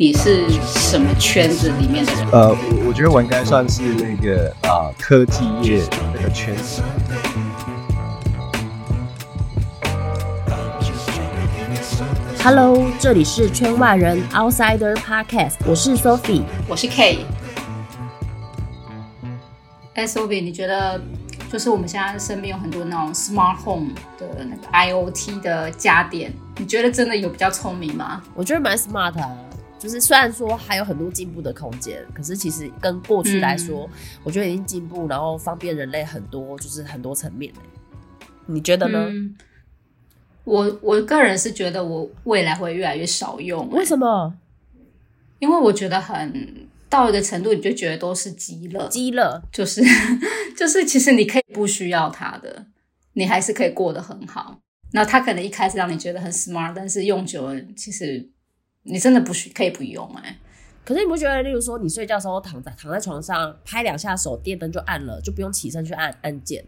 你是什麼圈子裡面的人？呃，我我覺得我應該算是那個啊、呃、科技業那個圈子。Hello，這裡是圈外人 Outsider Podcast，我是 Sophie，我是 K。哎，Sophie，你覺得就是我們現在身邊有很多那種 Smart Home 的那個 IoT 的家電，你覺得真的有比較聰明嗎？我覺得蠻 smart 啊就是雖然說還有很多進步的空間，可是其實跟過去來說，嗯、我覺得已經進步，然後方便人類很多，就是很多層面。你覺得呢？嗯、我我個人是覺得我未來會越來越少用、啊。為什麼？因為我覺得很到一個程度，你就覺得都是雞肋。雞肋就是就是，就是、其實你可以不需要它的，你還是可以過得很好。那它可能一開始讓你覺得很 smart，但是用久了其實。你真的不需可以不用哎、欸，可是你不覺得，例如說你睡覺的時候躺在躺在床上拍兩下手，電燈就暗了，就不用起身去按按鍵。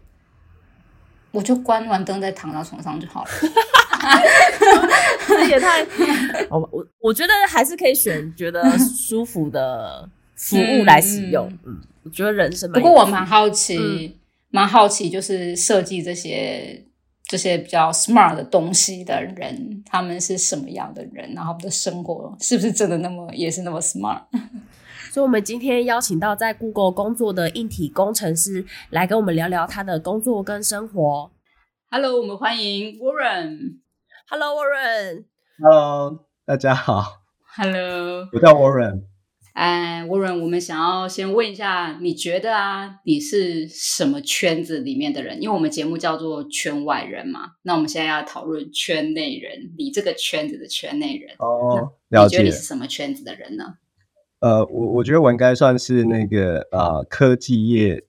我就關完燈再躺到床上就好了。這也太好吧……我我我覺得還是可以選覺得舒服的服務來使用。嗯，嗯 我覺得人生蠻不過我蠻好奇，蠻、嗯、好奇就是設計這些。這些比較 smart 的東西的人，他們是什麼樣的人？然後，他們的生活是不是真的那麼也是那麼 smart？所以，我們今天邀請到在 Google 工作的硬體工程師來跟我們聊聊他的工作跟生活。Hello，我們歡迎 Warren。Hello, Warren。Hello，Warren。Hello，大家好。Hello，我叫 Warren。哎，Warren，我們想要先問一下，你覺得啊，你是什麼圈子裡面的人？因為我們節目叫做《圈外人》嘛，那我們現在要討論圈內人，你這個圈子的圈內人。哦，了解。你覺得你是什麼圈子的人呢？呃，我我覺得我應該算是那個啊、呃，科技業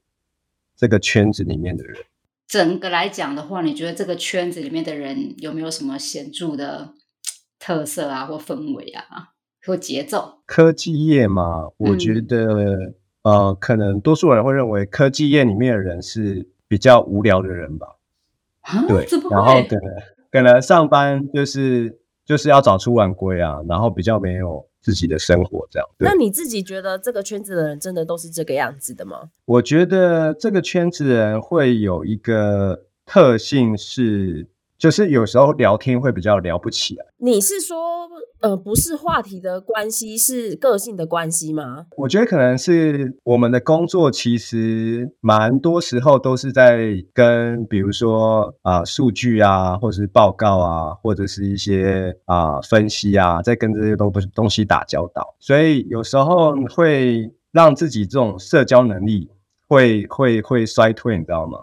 這個圈子裡面的人。整個來講的話，你覺得這個圈子裡面的人有沒有什麼顯著的特色啊，或氛圍啊？有節奏，科技業嘛，我覺得、嗯、呃，可能多數人會認為科技業裡面的人是比較無聊的人吧。啊蛤，對，然後對，可能可能上班就是就是要早出晚歸啊，然後比較沒有自己的生活這樣。那你自己覺得這個圈子的人真的都是這個樣子的嗎？我覺得這個圈子的人會有一個特性是。就是有時候聊天會比較聊不起來。你是說，呃，不是話題的關係，是個性的關係嗎？我覺得可能是我們的工作其實蠻多時候都是在跟，比如說啊、呃，數據啊，或者是報告啊，或者是一些啊、呃、分析啊，在跟這些東東西打交道，所以有時候會讓自己這種社交能力會會會衰退，你知道嗎？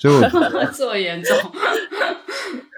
就這麼嚴重。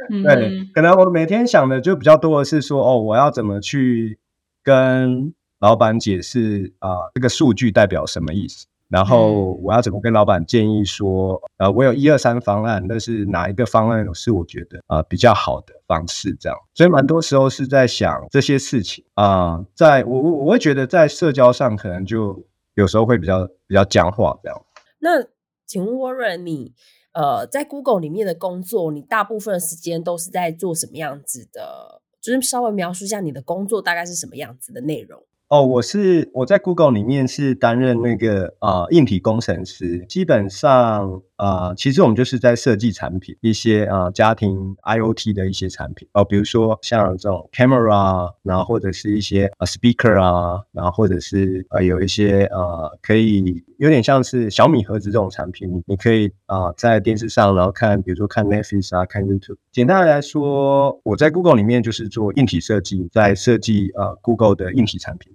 對，可能我每天想的就比較多的是說，哦，我要怎麼去跟老板解釋啊、呃，這個數據代表什麼意思？然後我要怎麼跟老板建議說，呃，我有一二三方案，但是哪一個方案是我覺得啊、呃、比較好的方式？這樣，所以蠻多時候是在想這些事情啊、呃。在我我我會覺得在社交上可能就有時候會比較比較僵化這樣，那請問 Warren，你？呃，在 Google 裡面的工作，你大部分時間都是在做什麼樣子的？就是稍微描述一下你的工作大概是什麼樣子的內容。哦，我是我在 Google 裡面是擔任那個啊、呃，硬體工程師。基本上啊、呃，其實我們就是在設計產品，一些啊、呃、家庭 IoT 的一些產品。哦、呃，比如說像這種 camera 啊，然後或者是一些 speaker 啊，然後或者是呃有一些呃可以有點像是小米盒子這種產品，你可以啊、呃、在電視上然後看，比如說看 Netflix 啊，看 YouTube。簡單來說，我在 Google 裡面就是做硬體設計，在設計呃 Google 的硬體產品。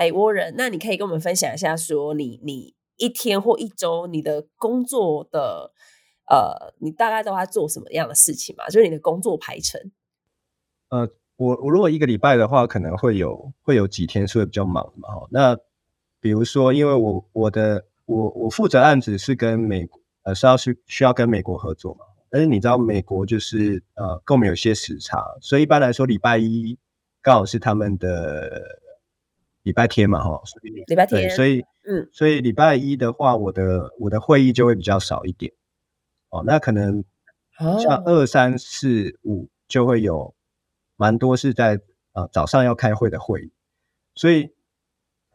北國人，Hey Warren, 那你可以跟我們分享一下，說你你一天或一周你的工作的，呃，你大概都在做什麼樣的事情嘛？就是你的工作排程。呃，我我如果一個禮拜的話，可能會有會有幾天是會比較忙嘛。那比如說，因為我我的我我負責案子是跟美國呃，是要去需要跟美國合作嘛。但是你知道美國就是呃，跟我們有些時差，所以一般來說禮拜一剛好是他們的。禮拜天嘛，哈，禮拜天，所以，嗯，所以禮拜一的話，我的我的會議就會比較少一點。哦，那可能像二、哦、三四五就會有蠻多是在啊、呃、早上要開會的會議，所以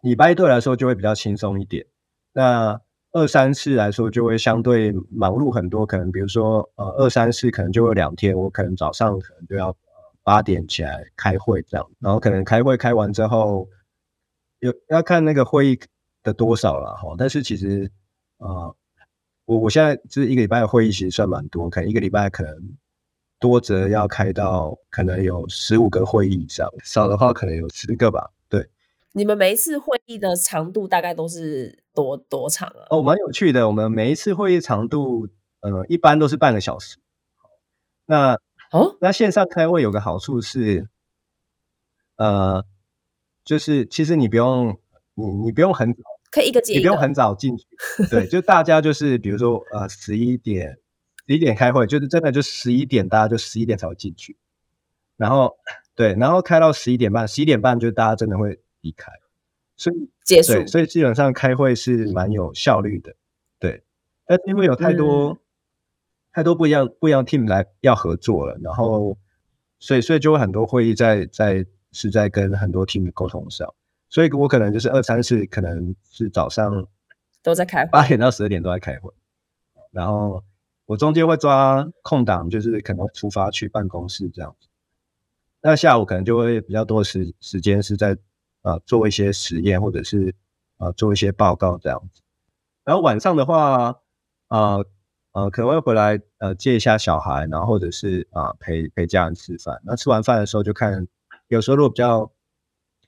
禮拜一對我來說就會比較輕鬆一點。那二三四來說就會相對忙碌很多，可能比如說呃二三四可能就會兩天，我可能早上可能就要八點起來開會這樣，然後可能開會開完之後。嗯有要看那個會議的多少了哈，但是其實啊、呃，我我現在就是一個禮拜的會議，其實算蠻多，可能一個禮拜可能多則要開到可能有十五個會議以上，少的話可能有十個吧。對，你們每一次會議的長度大概都是多多長啊？哦，蠻有趣的，我們每一次會議長度呃，一般都是半個小時。那哦，那線上開會有個好處是呃。就是其實你不用，你你不用很早，可以一個接一個，你不用很早進去。 對，就大家就是比如說呃十一點，十一點開會，就是真的就十一點，大家就十一點才會進去。然後對，然後開到十一點半，十一點半就大家真的會離開，所以所以結束，所以基本上開會是蠻有效率的，對。但是因為有太多、嗯、太多不一樣不一樣 team 來要合作了，然後所以所以就會很多會議在在。是在跟很多 team 的溝通上，所以我可能就是二三四，可能是早上都在開會，八點到十二點都在開會，然後我中間會抓空檔，就是可能出發去辦公室這樣子。那下午可能就會比較多時時間是在、呃、做一些實驗，或者是、呃、做一些報告這樣子。然後晚上的話，啊、呃呃、可能會回來呃接一下小孩，然後或者是啊、呃、陪陪家人吃飯。那吃完飯的時候就看。有時候如果比較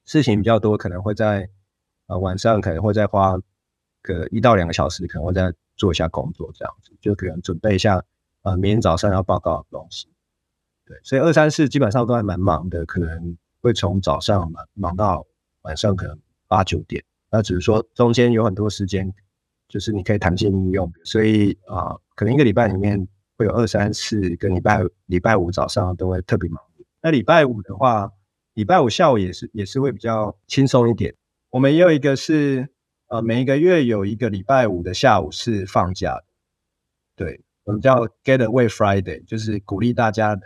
事情比較多，可能會在呃晚上可能會再花個一到兩個小時，可能會再做一下工作這樣子，就可能準備一下呃明天早上要報告的東西。對，所以二三四基本上都還蠻忙的，可能會從早上忙忙到晚上可能八九點。那只是說中間有很多時間，就是你可以彈性運用。所以啊、呃，可能一個禮拜裡面會有二三四跟禮拜禮拜五早上都會特別忙。那禮拜五的話，禮拜五下午也是也是會比較輕鬆一點。我們也有一個是呃，每一個月有一個禮拜五的下午是放假的。對，我們叫 Getaway Friday，就是鼓勵大家的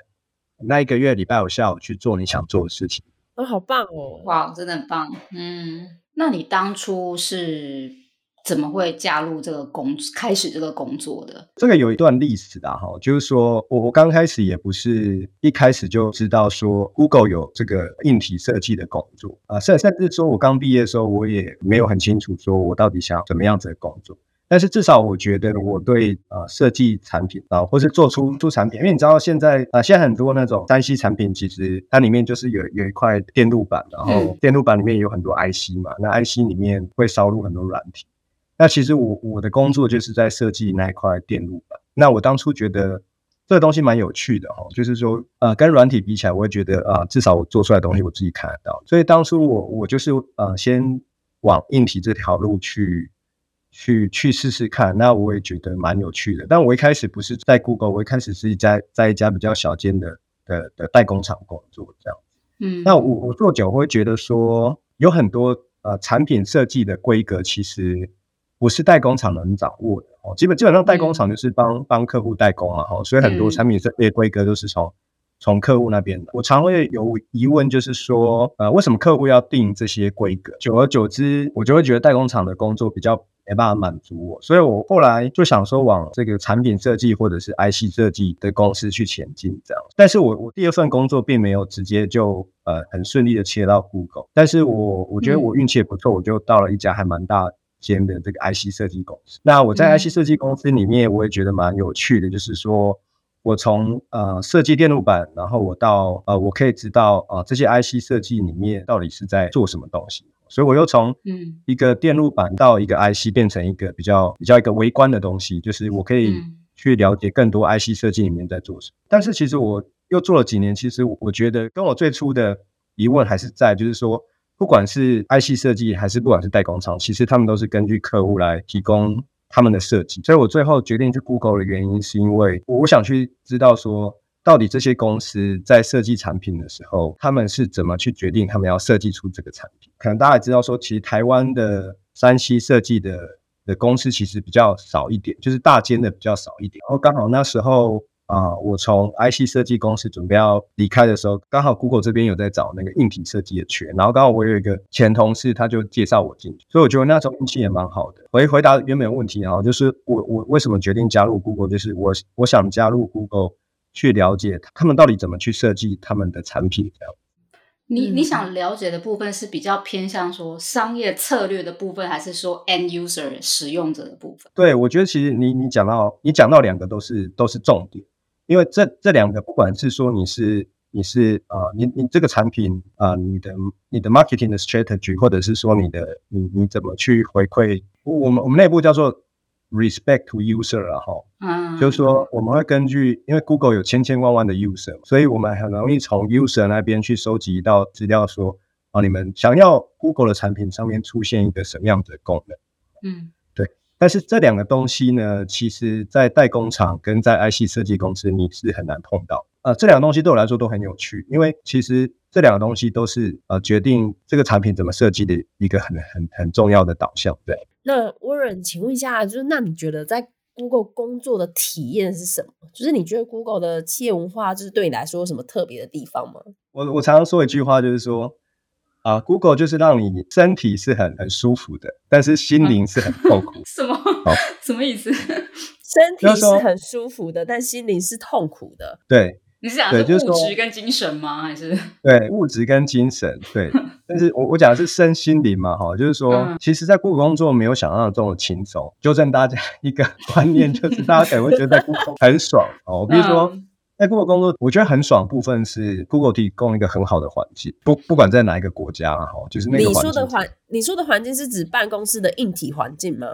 那一個月禮拜五下午去做你想做的事情。哦，好棒哦！哇，真的很棒。嗯，那你當初是？怎麼會加入這個工開始這個工作的？這個有一段歷史的哈、啊，就是說我剛開始也不是一開始就知道說 Google 有這個硬體設計的工作啊，甚甚至說我剛畢業的時候，我也沒有很清楚說我到底想要怎麼樣子的工作。但是至少我覺得我對啊設計產品啊，或是做出出產品，因為你知道現在啊現在很多那種 3C 產品，其實它裡面就是有有一塊電路板，然後電路板裡面有很多 IC 嘛，嗯、那 IC 裡面會燒入很多軟體。那其實我我的工作就是在設計那一塊電路板。那我當初覺得這個東西蠻有趣的哈、哦，就是說呃，跟軟體比起來，我會覺得啊、呃，至少我做出來的東西我自己看得到。所以當初我我就是呃，先往硬體這條路去去去試試看。那我也覺得蠻有趣的。但我一開始不是在 Google，我一開始是在在一家比較小間的的的代工廠工作這樣子。嗯，那我我做久我會覺得說有很多呃產品設計的規格其實，我是代工廠能掌握的哦，基本基本上代工廠就是幫幫、嗯、客戶代工啊哈，所以很多產品設備規格都是從從、嗯、客戶那邊。的，我常會有疑問，就是說，呃，為什麼客戶要定這些規格？久而久之，我就會覺得代工廠的工作比較沒辦法滿足我，所以我後來就想說往這個產品設計或者是 IC 設計的公司去前進，這樣。但是我我第二份工作並沒有直接就呃很順利的切到 Google，但是我我覺得我運氣也不錯，嗯、我就到了一家還蠻大。間的這個 IC 設計公司，那我在 IC 設計公司裡面，我也覺得蠻有趣的，就是說我，我從呃設計電路板，然後我到呃我可以知道啊、呃、這些 IC 設計裡面到底是在做什麼東西，所以我又從一個電路板到一個 IC 變成一個比較比較一個微觀的東西，就是我可以去了解更多 IC 設計裡面在做什麼。但是其實我又做了幾年，其實我覺得跟我最初的疑問還是在，就是說。不管是 IC 設計，還是不管是代工廠，其實他們都是根據客戶來提供他們的設計。所以我最後決定去 Google 的原因，是因為我，我想去知道說，到底這些公司在設計產品的時候，他們是怎麼去決定他們要設計出這個產品？可能大家也知道說，其實台灣的 IC 設計的的公司其實比較少一點，就是大間的比較少一點。然後剛好那時候。啊，我從 IC 設計公司準備要離開的時候，剛好 Google 這邊有在找那個硬體設計的缺，然後剛好我有一個前同事，他就介紹我進去，所以我覺得那時候運氣也蠻好的。回回答原本的問題啊，然後就是我我為什麼決定加入 Google，就是我我想加入 Google 去了解他們到底怎麼去設計他們的產品。你你想了解的部分是比較偏向說商業策略的部分，還是說 End User 使用者的部分？對，我覺得其實你你講到你講到兩個都是都是重點。因為這這兩個，不管是說你是你是啊、呃，你你這個產品啊、呃，你的你的 marketing strategy，或者是說你的你你怎麼去回饋，我，我們我們內部叫做 respect to user 然、啊、後嗯，就是說我們會根據，因為 Google 有千千萬萬的 user，所以我們很容易從 user 那邊去收集到資料說，說、呃、啊你們想要 Google 的產品上面出現一個什麼樣的功能，嗯。但是這兩個東西呢，其實在代工廠跟在 IC 設計公司你是很難碰到。呃，這兩個東西對我來說都很有趣，因為其實這兩個東西都是呃決定這個產品怎麼設計的一個很很很重要的導向。對。那 Warren，請問一下，就是那你覺得在 Google 工作的體驗是什麼？就是你覺得 Google 的企業文化，就是對你來說有什麼特別的地方嗎？我我常常說一句話，就是說。啊，Google 就是讓你身體是很很舒服的，但是心靈是很痛苦。什麼？什麼意思？身體是很舒服的，但心靈是痛苦的。對，你是想是物質跟精神嗎？還是對物質跟精神？對，但是我我講的是身心靈嘛，哈，就是說，其實在 Google 工作沒有想象中的輕鬆。糾正大家一個觀念，就是大家可能會覺得很爽哦，比如說。在 Google 工作，我覺得很爽的部分是 Google 提供一個很好的環境，不不管在哪一個國家哈，就是那個。你說的環，你說的環境是指辦公室的硬體環境嗎？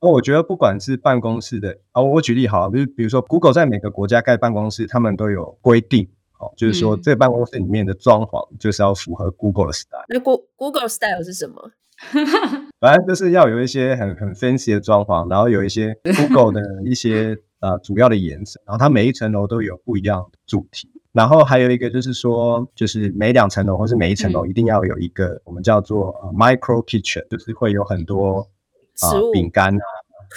我覺得不管是辦公室的，我舉例好，比如說 Google 在每個國家蓋辦公室，他們都有規定，好，就是說這辦公室裡面的裝潢就是要符合 Google 的 style。嗯。那 Go Google style 是什麼？哈哈哈，反正 就是要有一些很很 fancy 的裝潢，然後有一些 Google 的一些 呃主要的顏色，然後它每一層樓都有不一樣的主題，然後還有一個就是說，就是每兩層樓或是每一層樓一定要有一個、嗯、我們叫做、uh, micro kitchen，就是會有很多啊物、呃、餅乾啊，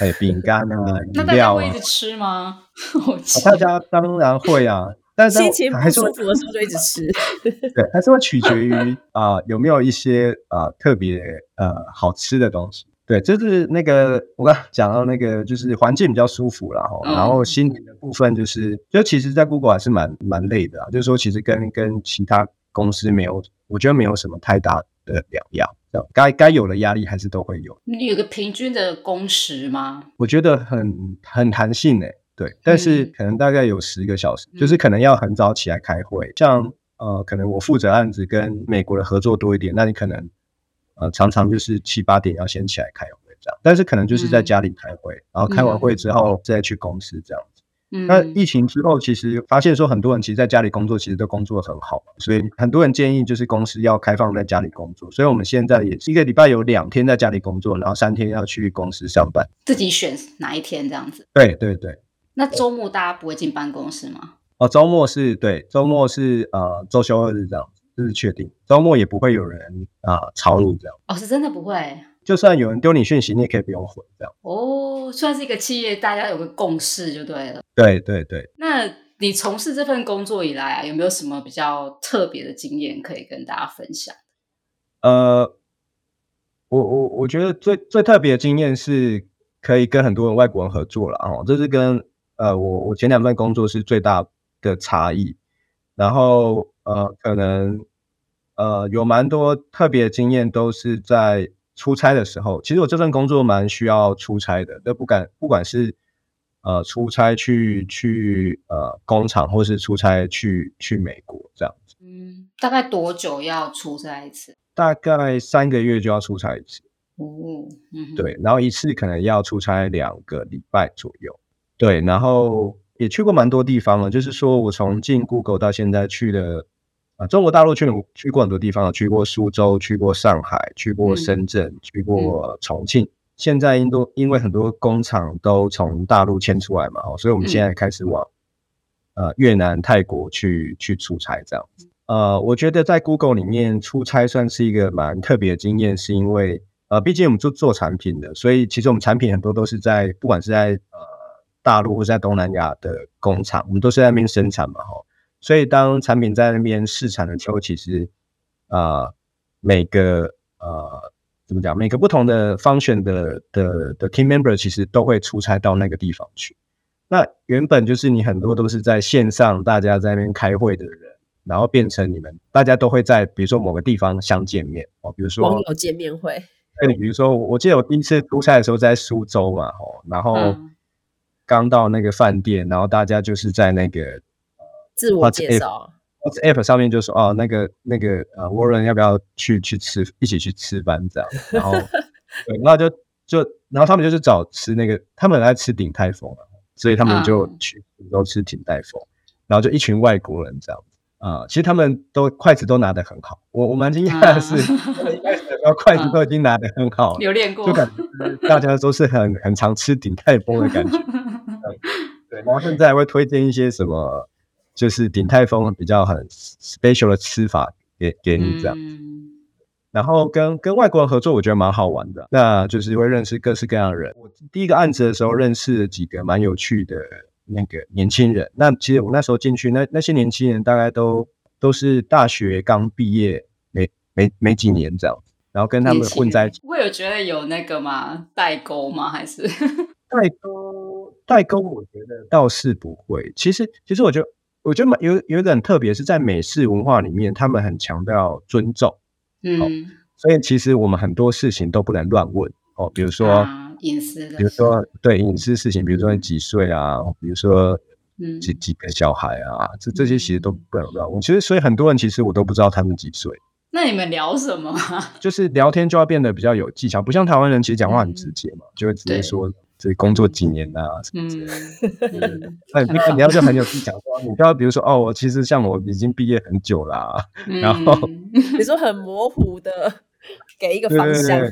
哎、 欸、餅乾啊、飲料啊， 那大家會一直吃嗎？ 呃、大家當然會啊。 但是心情不舒服的時候就一直吃，對，它是會取決於啊、 呃、有沒有一些啊、呃、特別呃好吃的東西。對，就是那個我剛剛講到那個，就是環境比較舒服啦齁。然後心靈的部分就是，嗯、就其實，在 Google 還是蠻蠻累的啦，就是說其實跟跟其他公司沒有，我覺得沒有什麼太大的兩樣。該該有的壓力還是都會有。你有個平均的工時嗎？我覺得很很彈性誒、欸。對，但是可能大概有十個小時，嗯、就是可能要很早起來開會。嗯、像呃，可能我負責案子跟美國的合作多一點，那你可能呃常常就是七八點要先起來開會這樣。但是可能就是在家裡開會，嗯、然後開完會之後再去公司這樣子。嗯、那疫情之後，其實發現說很多人其實在家裡工作，其實都工作得很好，所以很多人建議就是公司要開放在家裡工作。所以我們現在也是一個禮拜有兩天在家裡工作，然後三天要去公司上班，自己選哪一天這樣子。對對對。對對那週末大家不會進辦公室嗎？哦，週末是對，週末是呃，周休二日這樣子，這是確定。週末也不會有人啊、呃、吵你這樣。哦，是真的不會。就算有人丟你訊息，你也可以不用回這樣。哦，算是一個企業，大家有個共識就對了。對對對。那你從事這份工作以來啊，有沒有什麼比較特別的經驗可以跟大家分享？呃，我我我覺得最最特別的經驗是，可以跟很多人外國人合作了哦，這是跟。呃，我我前兩份工作是最大的差異，然後呃，可能呃有蠻多特別的經驗都是在出差的時候。其實我這份工作蠻需要出差的，那不敢，不管是呃出差去去呃工廠，或是出差去去美國這樣子。嗯，大概多久要出差一次？大概三個月就要出差一次。哦、嗯嗯，對，然後一次可能要出差兩個禮拜左右。對，然後也去過蠻多地方了。就是說我從進 Google 到現在去的啊、呃，中國大陸去去過很多地方，去過蘇州，去過上海，去過深圳，嗯、去過重慶。現在印度因為很多工廠都從大陸遷出來嘛，所以我們現在開始往、嗯、呃越南、泰國去去出差這樣子。呃，我覺得在 Google 裡面出差算是一個蠻特別的經驗，是因為呃，畢竟我們做做產品的，所以其實我們產品很多都是在不管是在呃。大陸或是在東南亞的工廠，我們都是在那邊生產嘛，哈。所以當產品在那邊試產的時候，其實啊、呃，每個呃，怎麼講？每個不同的 function 的的的 team member 其實都會出差到那個地方去。那原本就是你很多都是在線上，大家在那邊開會的人，然後變成你們大家都會在比如說某個地方相見面，哦，比如說網友見面會。哎，比如說我我記得我第一次出差的時候在蘇州嘛，哈，然後。嗯剛到那個飯店，然後大家就是在那個自我介紹、啊、，App 上面就說哦、啊，那個那個呃、啊、，Warren 要不要去去吃，一起去吃飯這樣，然後 對，那就就然後他們就是找吃那個，他們愛吃鼎泰豐啊，所以他們就去、uh. 都吃鼎泰豐，然後就一群外國人這樣。啊、嗯，其實他們都筷子都拿得很好，我我蠻驚訝的是，啊、一開始的時候筷子都已經拿得很好了，有練、啊、過，就感覺大家都是很很常吃鼎泰豐的感覺、 嗯。對，然後現在會推薦一些什麼，就是鼎泰豐比較很 special 的吃法給給你這樣。嗯、然後跟跟外國人合作，我覺得蠻好玩的，那就是會認識各式各樣的人。我第一個案子的時候認識了幾個蠻有趣的。那個年輕人，那其實我那時候進去，那那些年輕人大概都都是大學剛畢業，沒沒沒幾年這樣，然後跟他們混在一起。會有覺得有那個嗎？代溝嗎？還是？代溝，代溝我覺得倒是不會。其實，其實我覺得，我覺得有有一點特別，是在美式文化裡面，他們很強調尊重。嗯，哦，所以其實我們很多事情都不能亂問哦，比如說。啊隱私，比如說對隱私事情，比如說你幾歲啊，比如說幾幾個小孩啊，這這些其實都不能聊。其實所以很多人其實我都不知道他們幾歲。那你們聊什麼？就是聊天就要變得比較有技巧，不像台灣人其實講話很直接嘛，就會直接說這工作幾年吶什麼之類的。那你要你要就很有技巧你剛，比如說哦，我其實像我已經畢業很久啦，然後你說很模糊的給一個方向。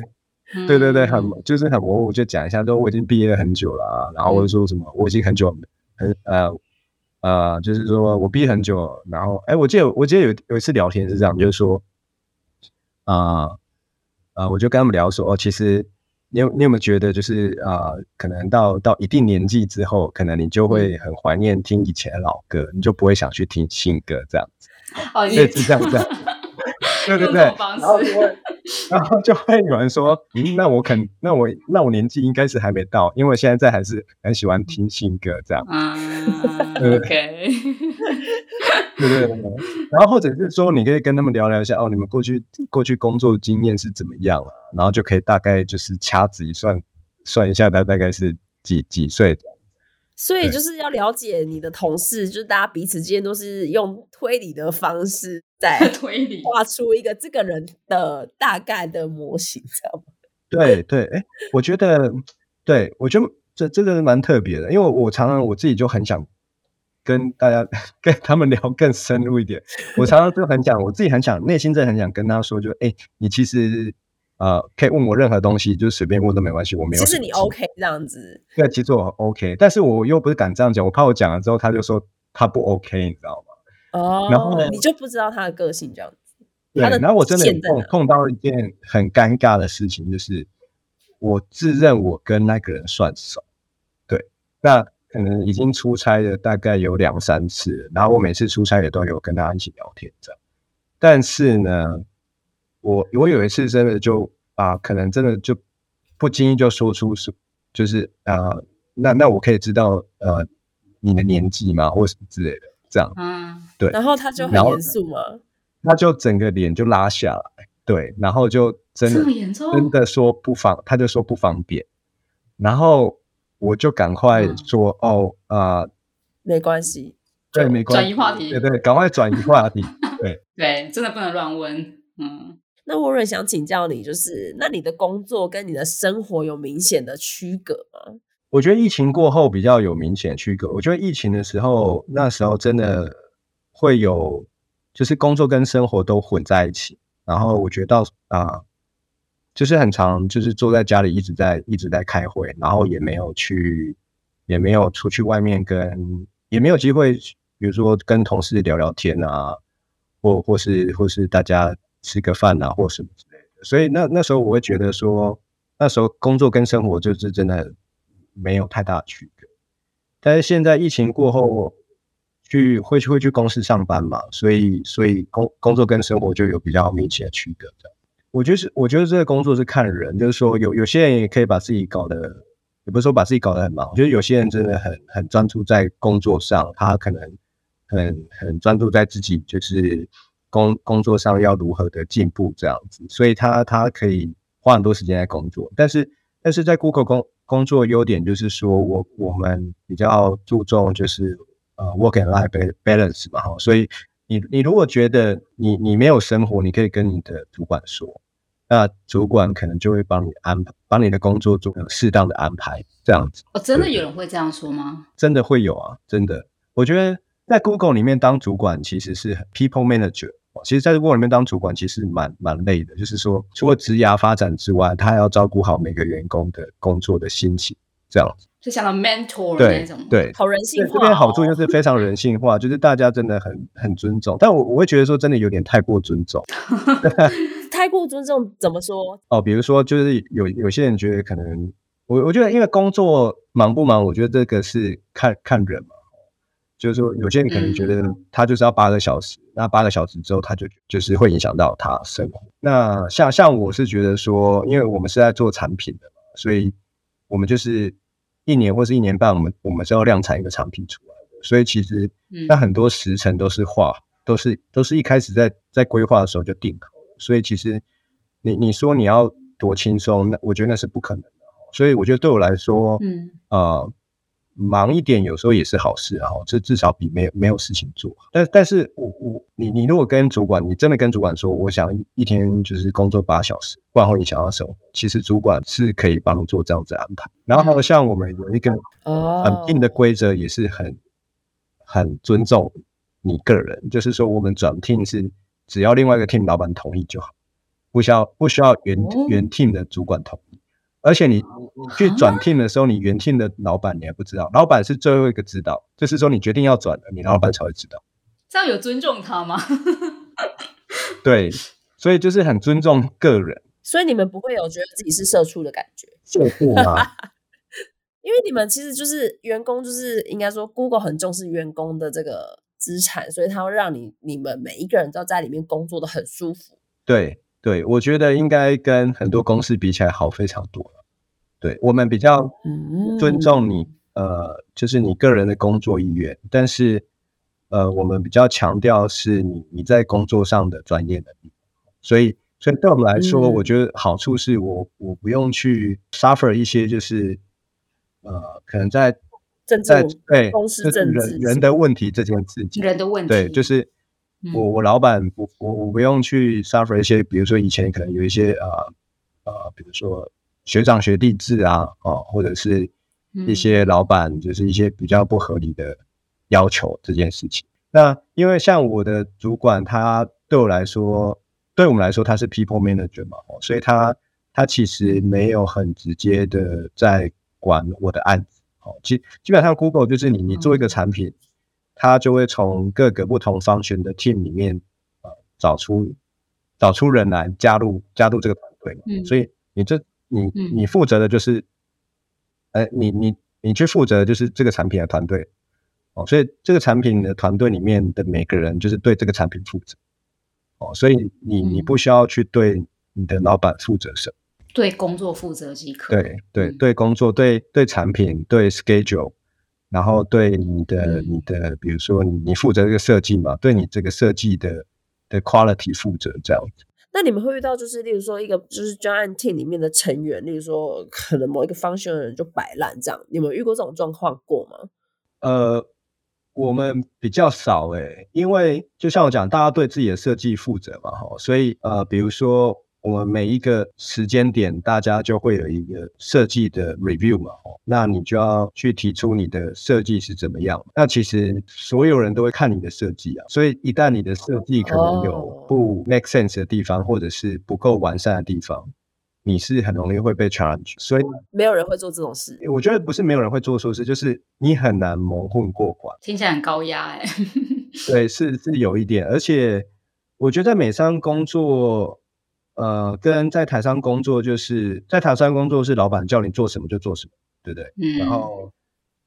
對對對，很就是很模糊，我就講一下，都我已經畢業了很久了，然後我就說什麼，我已經很久很呃呃，就是說我畢業很久，然後哎，我記得我記得有有一次聊天是這樣，就是說啊啊、呃呃，我就跟他們聊說哦，其實你，你有你有沒有覺得就是啊、呃，可能到到一定年紀之後，可能你就會很懷念聽以前的老歌，你就不會想去聽新歌這樣，哦，是這樣，這樣。對對對，然後就然後就會有人說，嗯，那我肯，那我那我年紀應該是還沒到，因為我現在在還是很喜歡聽新歌這樣。OK，嗯，對對。然後或者是說，你可以跟他們聊聊一下哦，你們過去過去工作經驗是怎麼樣，然後就可以大概就是掐指一算，算一下他大概是幾幾歲。所以就是要了解你的同事，就是大家彼此之間都是用推理的方式，在畫出一個這個人的大概的模型，這樣 對。對對，誒、欸，我覺得，對，我覺得這這個蠻特別的，因為我常常我自己就很想跟大家跟他們聊更深入一點。我常常就很想，我自己很想內心真的很想跟他說就，就、欸、誒，你其實呃，可以問我任何東西，就隨便問都沒關係，我沒有。其實你 OK 這樣子，對，其實我 OK，但是我又不是敢這樣講，我怕我講了之後，他就說他不 OK，你知道嗎？哦，oh, 然後呢，你就不知道他的個性這樣子。對，的然後我真的碰碰到一件很尷尬的事情，就是我自認我跟那個人算熟，對，那可能已經出差了大概有兩三次，然後我每次出差也都有跟大家一起聊天這樣，但是呢，我我有一次真的就啊、呃，可能真的就不經意就說出是，就是啊、呃，那那我可以知道呃你的年紀嗎？或什麼之類的。這樣，嗯，對，然後他就很嚴肅嘛，他就整個臉就拉下來，對，然後就真的真的說不方，他就說不方便，然後我就趕快說，嗯、哦啊，呃、沒關係，對，沒關係，轉移話題，對對，趕快轉移話題， 對對，真的不能亂問，嗯，那我也想請教你，就是那你的工作跟你的生活有明顯的區隔嗎？我覺得疫情過後比較有明顯區隔。我覺得疫情的時候，那時候真的會有，就是工作跟生活都混在一起。然後我覺得到啊，就是很常就是坐在家裡一直在一直在開會，然後也沒有去，也沒有出去外面跟，也沒有機會，比如說跟同事聊聊天啊，或或是或是大家吃個飯啊或什麼之類的。所以那那時候我會覺得說，那時候工作跟生活就是真的。沒有太大的區別，但是現在疫情過後去會去會去公司上班嘛，所以所以工工作跟生活就有比較明顯的區隔。這樣，我就是我覺得這個工作是看人，就是說有有些人也可以把自己搞得，也不是說把自己搞得很忙，就是有些人真的很很專注在工作上，他可能很很專注在自己就是工工作上要如何的進步這樣子，所以他他可以花很多時間在工作，但是但是在 Google 工。工作優點就是說我，我我們比較注重就是呃，work and life balance 嘛哈。所以你你如果覺得你你沒有生活，你可以跟你的主管說，那主管可能就會幫你安排，幫你的工作做適當的安排這樣子。哦，真的有人會這樣說嗎？真的會有啊，真的。我覺得在 Google 裡面當主管其實是 people manager。其實在這屋裡面當主管其實蠻蠻累的，就是說除了職涯發展之外，他還要照顧好每個員工的工作的心情，這樣子。就想到 mentor 那種對，種對好人性化。哦對。這邊好處就是非常人性化，就是大家真的很很尊重，但我我會覺得說真的有點太過尊重， 太過尊重怎麼說？哦，比如說就是有有些人覺得可能我我覺得因為工作忙不忙，我覺得這個是看看人嘛，就是說有些人可能覺得他就是要八個小時。嗯那八個小時之後，他就就是會影響到他生活。那像像我是覺得說，因為我們是在做產品的嘛，所以我們就是一年或是一年半，我們我們是要量產一個產品出來的。所以其實，那很多時程都是畫，嗯、都是都是一開始在在規劃的時候就定好了。所以其實你你說你要多輕鬆，那我覺得那是不可能的。所以我覺得對我來說，呃、嗯忙一點有時候也是好事啊，這至少比沒有沒有事情做。但但是，我我你你如果跟主管，你真的跟主管說，我想一,一天就是工作八小時，不然後你想要什麼，其實主管是可以幫你做這樣子安排。然後像我們有一個很硬的規則，也是很很尊重你個人，就是說我們轉 team 是只要另外一個 team 老闆同意就好，不需要不需要原原 team 的主管同意。而且你去轉 team 的時候，你原 team 的老闆你還不知道，啊、老闆是最後一個知道，就是說你決定要轉的，你老闆才會知道。這樣有尊重他嗎？ 對，所以就是很尊重個人。所以你們不會有覺得自己是社畜的感覺，社畜嗎？ 因為你們其實就是員工，就是應該說 Google 很重視員工的這個資產，所以他會讓你你們每一個人都要在裡面工作得很舒服。對。對，我覺得應該跟很多公司比起來好非常多了。對，我們比較尊重你，嗯、呃，就是你個人的工作意願，但是呃，我們比較強調是你你在工作上的專業能力。所以，所以對我們來說，嗯、我覺得好處是我我不用去 suffer 一些就是呃，可能在政治在對公司政治人，人的問題這件事情，人的問題，對，就是。我我老闆不我我不用去 suffer 一些，比如說以前可能有一些呃呃比如說學長學弟制啊哦、呃，或者是一些老闆就是一些比較不合理的要求這件事情。嗯、那因為像我的主管他對我來說，對我們來說他是 people manager 嘛，所以他他其實沒有很直接的在管我的案子。好，基基本上 Google 就是你你做一個產品。嗯他就會從各個不同 function 的 team 裡面，啊、呃，找出找出人來加入加入這個團隊嗯，所以你這你你負責的就是，嗯呃、你你你去負責就是這個產品的團隊，哦，所以這個產品的團隊裡面的每個人就是對這個產品負責，哦，所以你你不需要去對你的老闆負責什麼，嗯，對工作負責即可。對對對工作對對產品對 schedule。然後對你的，嗯、你的，比如說你，你負責這個設計嘛，對你這個設計的的 quality 負責這樣子。那你們會遇到就是，例如說一個就是專案 team 裡面的成員，例如說可能某一個方向的人就擺爛這樣，你們遇過這種狀況過嗎？呃，我們比較少哎、欸，因為就像我講，大家對自己的設計負責嘛，哈，所以呃，比如說。我們每一個時間點，大家就會有一個設計的 review 嘛、哦。那你就要去提出你的設計是怎麼樣。那其實所有人都會看你的設計啊，所以一旦你的設計可能有不 make sense 的地方，或者是不夠完善的地方，Oh. 你是很容易會被 challenge。所以沒有人會做這種事。我覺得不是沒有人會做錯事，就是你很難矇混過關。聽起來很高壓哎、欸。 對，是是有一點。而且我覺得在美商工作。呃，跟在台商工作，就是在台商工作是老闆叫你做什麼就做什麼，對不對？嗯。然後，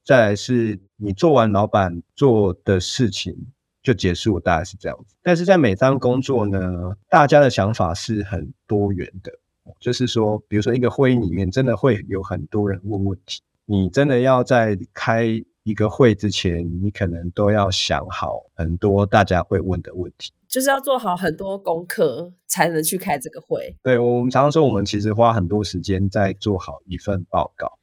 再來是你做完老闆做的事情就結束，大概是這樣子。但是在美商工作呢，大家的想法是很多元的，就是說，比如說一個會議裡面，真的會有很多人問問題。你真的要在開一個會之前，你可能都要想好很多大家會問的問題。就是要做好很多功課，才能去開這個會。對，我們常常說，我們其實花很多時間在做好一份報告，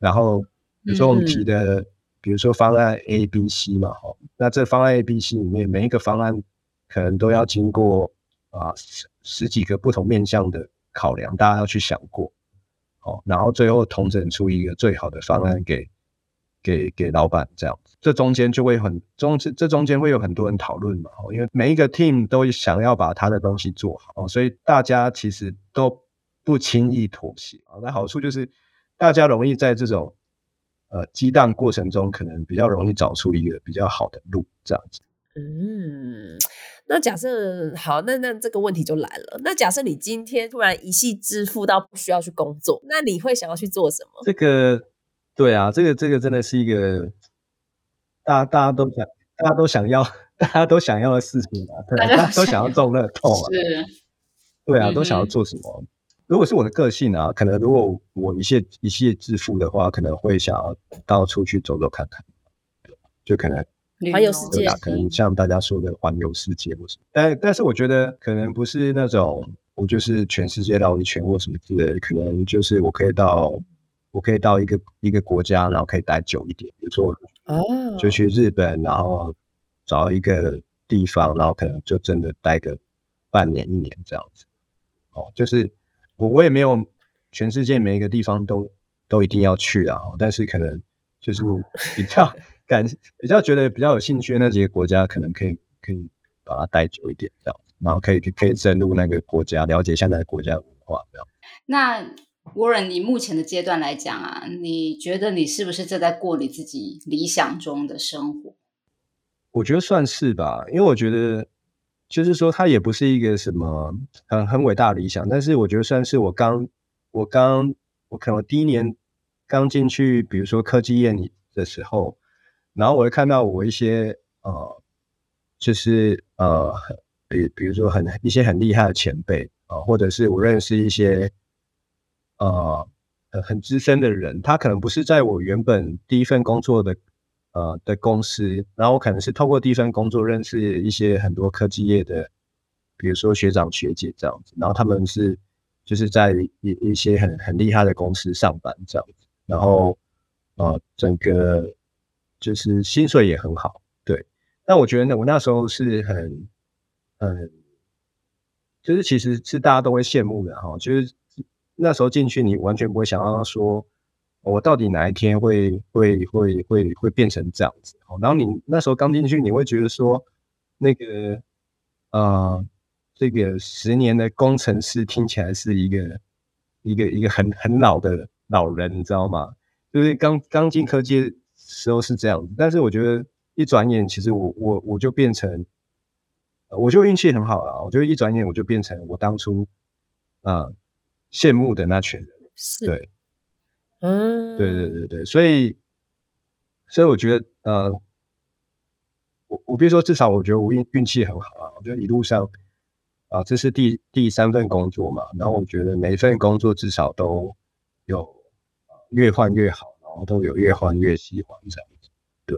然後有時候我們提的，嗯、比如說方案 A、B、C 嘛，哈，那這方案 A、B、C 裡面，每一個方案可能都要經過啊十十幾個不同面向的考量，大家要去想過，哦，然後最後統整出一個最好的方案給。給給老闆這樣子，這中間就會很中這這中間會有很多人討論嘛，因為每一個 team 都會想要把他的東西做好，所以大家其實都不輕易妥協。那好處就是大家容易在這種呃激盪過程中，可能比較容易找出一個比較好的路這樣子。嗯，那假設好，那那這個問題就來了。那假設你今天突然一夕致富到不需要去工作，那你會想要去做什麼？這個。對啊，這個這個真的是一個大家大家都想，大家都想要，大家都想要的事情嘛，啊？對，大家都想要中樂透啊！ 是對啊，都想要做什麼？嗯、哼如果是我的個性啊，可能如果我一夕一夕致富的話，可能會想要到處去走走看看，對就可能環遊世界，啊。可能像大家說的環遊世界或什麼？但但是我覺得可能不是那種我就是全世界繞一圈或什麼之類，可能就是我可以到。我可以到一個一個國家，然後可以待久一點，比如說我就去日本，然後找一個地方，然後可能就真的待個半年、一年這樣子。哦，就是我我也沒有全世界每一個地方都都一定要去啊，但是可能就是比較感， 感比較覺得比較有興趣的那幾個國家，可能可以可以把它待久一點，這樣子，然後可以去可以深入那個國家，了解一下那個國家文化這樣，那。沃倫，Warren，你目前的階段來講啊，你覺得你是不是正在過你自己理想中的生活？我覺得算是吧，因為我覺得就是說，它也不是一個什麼很很偉大的理想，但是我覺得算是我剛我剛我可能我第一年剛進去，比如說科技業裡的時候，然後我會看到我一些呃，就是呃，比比如說很一些很厲害的前輩啊、呃，或者是我認識一些。呃，很很資深的人，他可能不是在我原本第一份工作的呃的公司，然後我可能是透過第一份工作認識一些很多科技業的，比如說學長學姐這樣子，然後他們是就是在一一些很很厲害的公司上班這樣子，然後呃整個就是薪水也很好，對，那我覺得呢，我那時候是很嗯，就是其實是大家都會羨慕的哈，就是。那時候進去，你完全不會想到說，哦，我到底哪一天會會會會會變成這樣子。哦，然後你那時候剛進去，你會覺得說，那個呃，這個十年的工程師聽起來是一個一個一個很很老的老人，你知道嗎？就是剛剛進科技的時候是這樣子。但是我覺得一轉眼，其實我我我就變成，我就運氣很好了。我覺得一轉眼我就變成我當初，啊，呃。羨慕的那群人，是對，嗯，對對對對，所以，所以我覺得，呃，我我比如說，至少我覺得我運運氣很好啊，我覺得一路上，啊、呃，這是第第三份工作嘛，嗯、然後我覺得每一份工作至少都有，啊、呃，越換越好，然後都有越換越喜歡這樣子，對。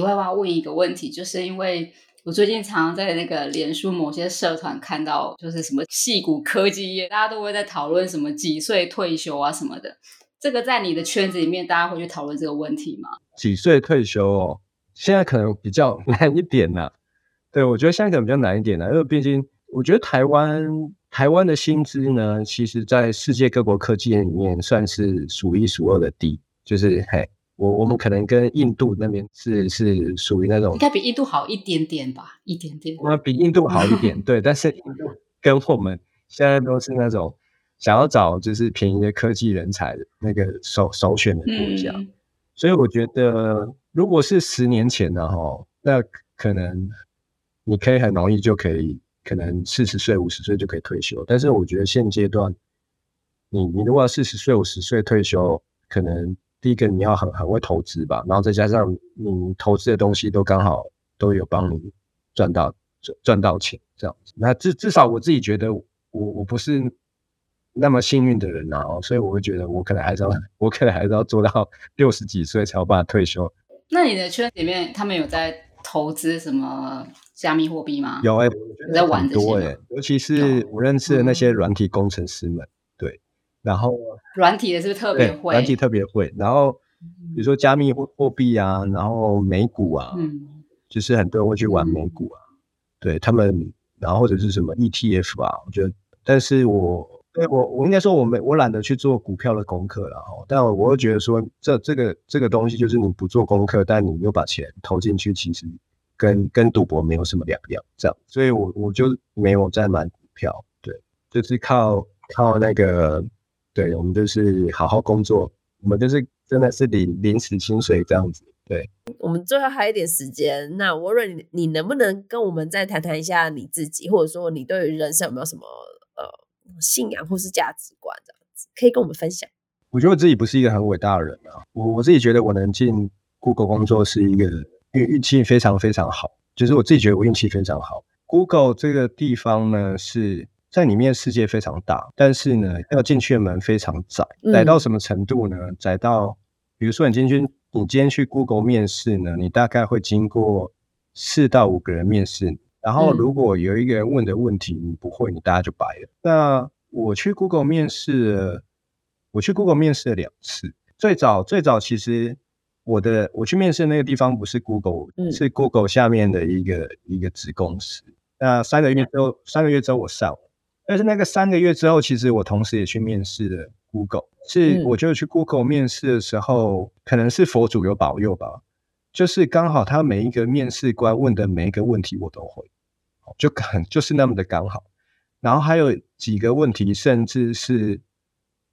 我要問一個問題，就是因為。我最近常常在那個臉書某些社團看到，就是什麼矽谷科技業，大家都會在討論什麼幾歲退休啊什麼的。這個在你的圈子裡面，大家會去討論這個問題嗎？幾歲退休哦，現在可能比較難一點呢、啊。對，我覺得現在可能比較難一點呢、啊，因為畢竟我覺得台灣台灣的薪資呢，其實在世界各國科技業裡面算是數一數二的低，就是嘿。我我們可能跟印度那邊是、嗯、是屬於那種，應該比印度好一點點吧，一點點。那、啊、比印度好一點，嗯、對。但是跟我們現在都是那種想要找就是便宜的科技人才的那個首首選的國家，嗯、所以我覺得如果是十年前的、啊、哈，那可能你可以很容易就可以，可能四十歲五十歲就可以退休。但是我覺得現階段你，你你如果要四十歲五十歲退休，可能，第一個，你要很很會投資吧，然後再加上你，你投資的東西都剛好都有幫你賺到賺、嗯、到錢這樣子。那至至少我自己覺得我，我我不是那麼幸運的人啊、哦，所以我會覺得我可能還是要、嗯、我可能還是要做到六十幾歲才有辦法退休。那你的圈裡面，他們有在投資什麼加密貨幣嗎？有哎、欸，我在玩這些，尤其是我認識的那些軟體工程師們，對。然後，軟體的是不是特別會？軟體特別會。然後，比如說加密貨幣啊，然後美股啊，嗯、就是很多人會去玩美股啊。嗯、對他們，然後或者是什麼 ETF 啊，我覺得。但是我，我我應該說我，我沒我懶得去做股票的功課了哦。但我會覺得說這，這這個這個東西，就是你不做功課，但你又把錢投進去，其實跟跟賭博沒有什麼兩樣。這樣，所以我我就沒有再買股票。對，就是靠、嗯、靠那個。對，我們就是好好工作，我們就是真的是領臨時薪水這樣子。對，我們最後還有一點時間，那 Warren，你能不能跟我們再談談一下你自己，或者說你對人生有沒有什麼呃信仰，或是價值觀這樣子，可以跟我們分享？我覺得我自己不是一個很偉大的人啊，我我自己覺得我能進 Google 工作是一個運運氣非常非常好，就是我自己覺得我運氣非常好。Google 這個地方呢是。在裡面世界非常大，但是呢，要進去的門非常窄，嗯、窄到什麼程度呢？窄到，比如說你今天你今天去 Google 面試呢，你大概會經過四到五個人面試，然後如果有一個人問的問題、嗯、你不會，你大家就白了。那我去 Google 面試了，我去 Google 面試了兩次，最早最早其實我的我去面試那個地方不是 Google、嗯、是 Google 下面的一個一個子公司。那三個月之後，嗯、三個月之後我上了但是那個三個月之後，其實我同時也去面試了 Google。是，我就去 Google 面試的時候，嗯、可能是佛祖有保佑吧，就是剛好他每一個面試官問的每一個問題我都會，就趕就是那麼的剛好。然後還有幾個問題，甚至是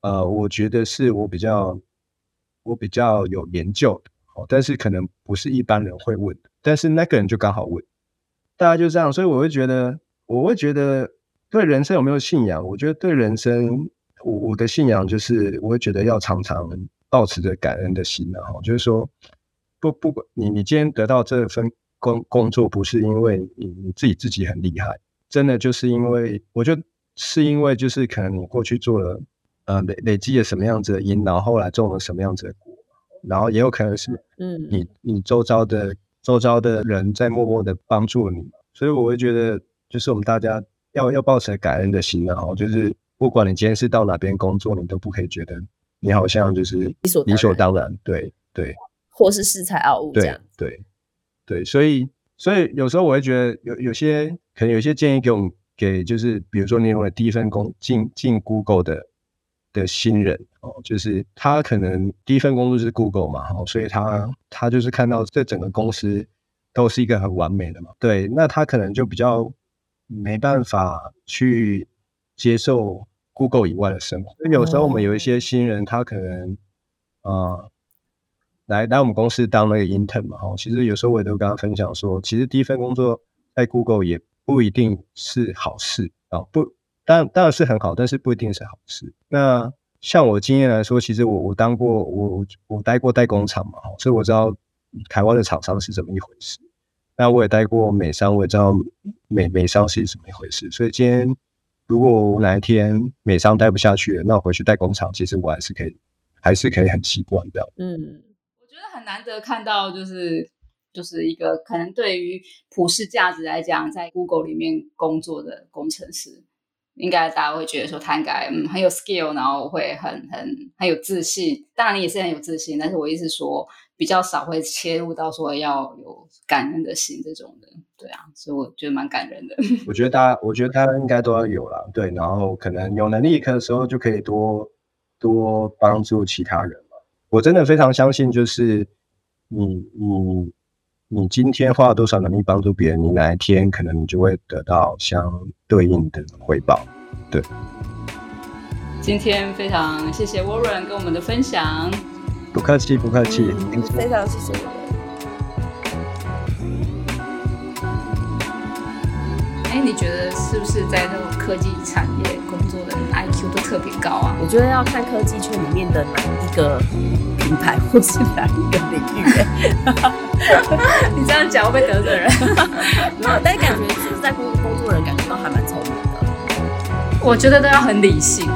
呃，我覺得是我比較我比較有研究的、哦，但是可能不是一般人會問的。但是那個人就剛好問，大概就這樣，所以我會覺得，我會覺得。對人生有沒有信仰？我覺得對人生，我我的信仰就是，我會覺得要常常抱持着感恩的心，然後就是說，不不管你你今天得到這份工工作，不是因為你你自己自己很厲害，真的就是因為，我覺得是因為就是可能你過去做了呃累累積了什麼樣子的因，然後後來種了什麼樣子的果，然後也有可能是嗯，你你周遭的周遭的人在默默的幫助你，所以我會覺得，就是我們大家。要要抱持感恩的心啊！哦，就是不管你今天是到哪邊工作，你都不可以覺得你好像就是理所當然，對對，對或是恃才傲物這樣對，對對對。所以，所以有時候我會覺得有，有有些可能有些建議給我們，給就是比如說你用了第一份工進進 Google 的的新人哦、喔，就是他可能第一份工作是 Google 嘛，哦、喔，所以他他就是看到這整個公司都是一個很完美的嘛，對，那他可能就比較，沒辦法去接受 Google 以外的生活，有時候我們有一些新人，他可能啊、嗯呃、來來我們公司當那個 intern 嘛，哈，其實有時候我也都跟他分享說，其實第一份工作在 Google 也不一定是好事啊，不，當然當然是很好，但是不一定是好事。那像我經驗來說，其實我我當過我我待過代工廠嘛，所以我知道台灣的廠商是怎麼一回事。那我也待過美商，我也知道美美商是怎麼一回事。所以今天如果哪一天美商待不下去了，那我回去代工廠，其實我還是可以，還是可以很習慣的。嗯，我覺得很難得看到，就是就是一個可能對於普世價值來講，在 Google 裡面工作的工程師。應該大家會覺得說，他應該嗯很有 skill，然後會很很很有自信。當然你也是很有自信，但是我意思說比較少會切入到說要有感恩的心這種的，對啊，所以我覺得蠻感人的。我覺得大家，我覺得大家應該都要有啦，對，然後可能有能力的時候就可以多多幫助其他人嘛。我真的非常相信，就是你你。嗯嗯你今天花了多少能力幫助別人，你哪一天可能你就會得到相對應的回報。對，今天非常謝謝 Warren 跟我們的分享，不客氣不客氣。嗯，非常謝謝。哎、欸，你覺得是不是在那種科技產業工作的人 IQ 都特別高啊？我覺得要看科技圈裡面的哪一個品牌或是哪一個領域。你這樣講會得罪人。沒有，但感覺就是 在工作，工作的人，感覺到還蠻聰明的。我覺得都要很理性，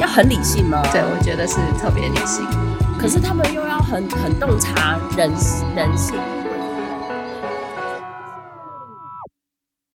要很理性嗎？對，我覺得是特別理性。嗯、可是他們又要很很洞察人人性。